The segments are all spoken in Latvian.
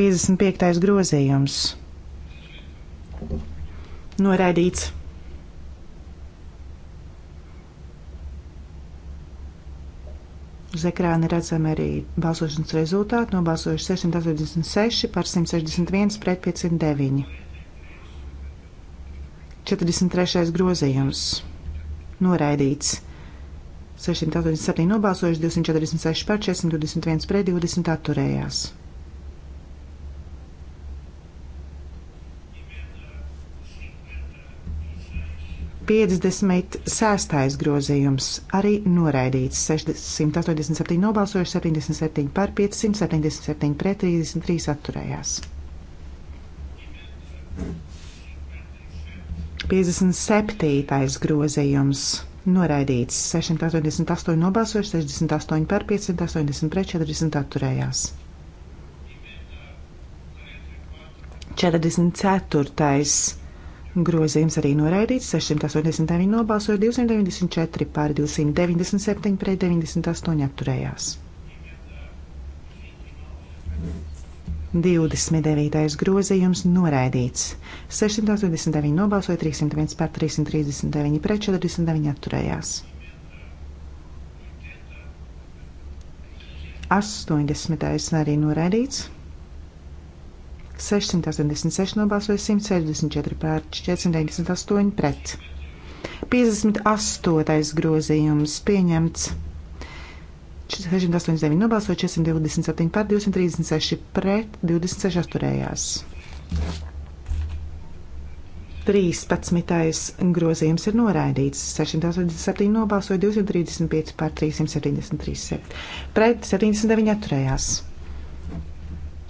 55. grozījums. Noraidīts. Uz ekrāna redzam arī balsošanas rezultātu. Nobalsojuši 686 par 161 pret 509. 43. grozījums. Noraidīts. 687 nobalsojuši, 246 par 421 pret 20 atturējās. 56. grozījums arī noraidīts. 687 nobalsojuši, 77 par, 577 pret, 33 atturējās. 57. grozījums noraidīts. 688 nobalsojuši, 68 par, 580 pret, 40 atturējās. 44. Grozījums arī noraidīts 689 nobalsoja 294 pār 297 pret 98 atturējās. 29. grozījums noraidīts 689 nobalsoja 301 pār 339 pret 49 atturējās. 80. arī noraidīts 686 nobalsoja 164 pār 498 pret. 58. grozījums pieņemts. 689 nobalsoja 427 pār 236 pret 26 atturējās. 13. grozījums ir noraidīts. 687 nobalsoja 235 pār 373 pret 79 atturējās.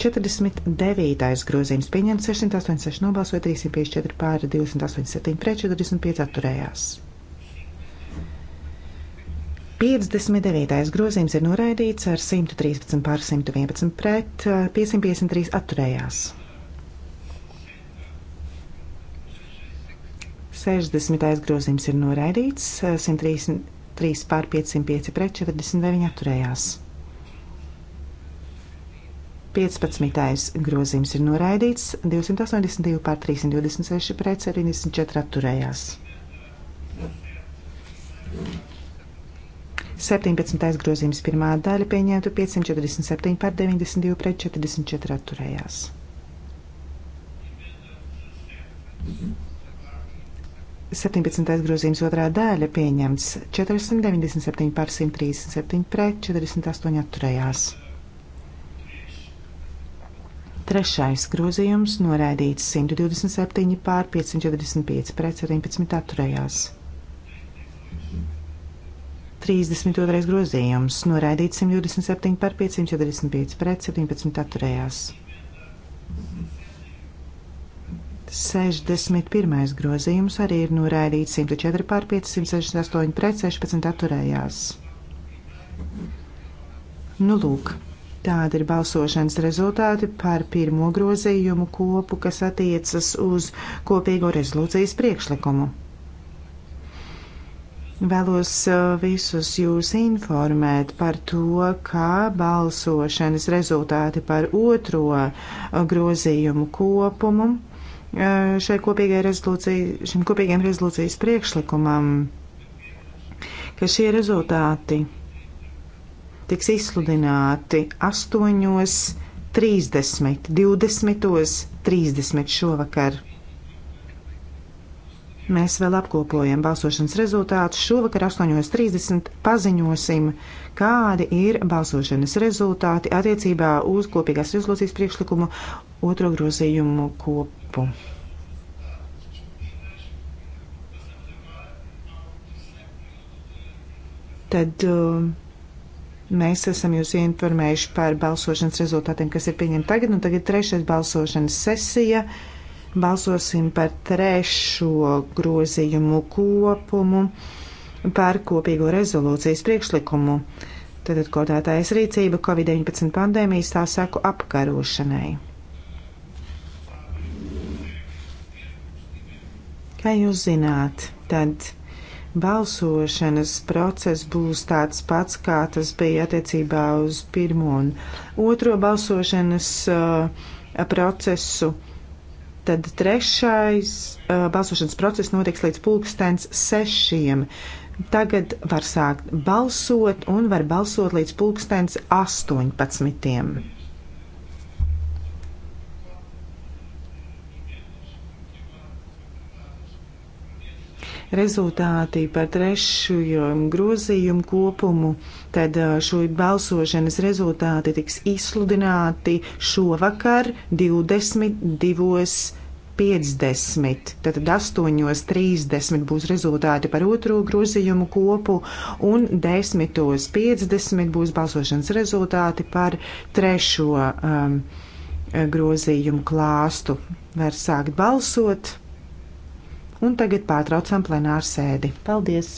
49. grozījums pieņemts 686 nobalsoja 354 pār 287 pret 45 atturējās. 59. grozījums ir noraidīts ar 113 pār 111 pret 553 atturējās. 60. grozījums ir noraidīts 103 pār 505 pret 49 atturējās. 15. grozījums ir noraidīts, 282 pār 326 pret 74 atturējās. 17. grozījums pirmā daļa pieņemtu 547 pār 92 pret 44 atturējās. Mhm. 17. grozījums otrā daļa pieņemts 497 pār 137 pret 48 atturējās. Trešais grozījums noraidīts 127 pār 545 pret 17 atturējās. 32. grozījums noraidīts 127 pār 545 pret 17 atturējās. 61. grozījums arī ir noraidīts 104 pār 568 pret 16 atturējās. Nu lūk. Tāda ir balsošanas rezultāti par pirmo grozījumu kopu, kas attiecas uz kopīgo rezolūcijas priekšlikumu. Vēlos uh, visus jūs informēt par to, kā balsošanas rezultāti par otro uh, grozījumu kopumu uh, šai kopīgai rezolūcijai, šim kopīgajam rezolūcijas priekšlikumam, ka šie rezultāti tiks izsludināti 8.30, 20.30 šovakar. Mēs vēl apkopojam balsošanas rezultātus. Šovakar 8.30 paziņosim, kādi ir balsošanas rezultāti attiecībā uz kopīgās rezolūcijas priekšlikumu otro grozījumu kopu. Tad uh, Mēs esam jūs informējuši par balsošanas rezultātiem, kas ir pieņemti tagad, un nu, tagad trešais balsošanas sesija. Balsosim par trešo grozījumu kopumu, par kopīgo rezolūcijas priekšlikumu. Tātad kodētājas rīcība Covid-19 pandēmijas tā saku apkarošanai. Kā jūs zināt, tad balsošanas process būs tāds pats, kā tas bija attiecībā uz pirmo un otro balsošanas uh, procesu. Tad trešais uh, balsošanas process notiks līdz pulkstens sešiem. Tagad var sākt balsot un var balsot līdz pulkstens astoņpadsmitiem. rezultāti par trešo grozījumu kopumu, tad šo balsošanas rezultāti tiks izsludināti šovakar 22.50. Tātad 8.30 būs rezultāti par otro grozījumu kopu un 10.50 būs balsošanas rezultāti par trešo um, grozījumu klāstu. Var sākt balsot un tagad pārtraucam plenāru sēdi. Paldies!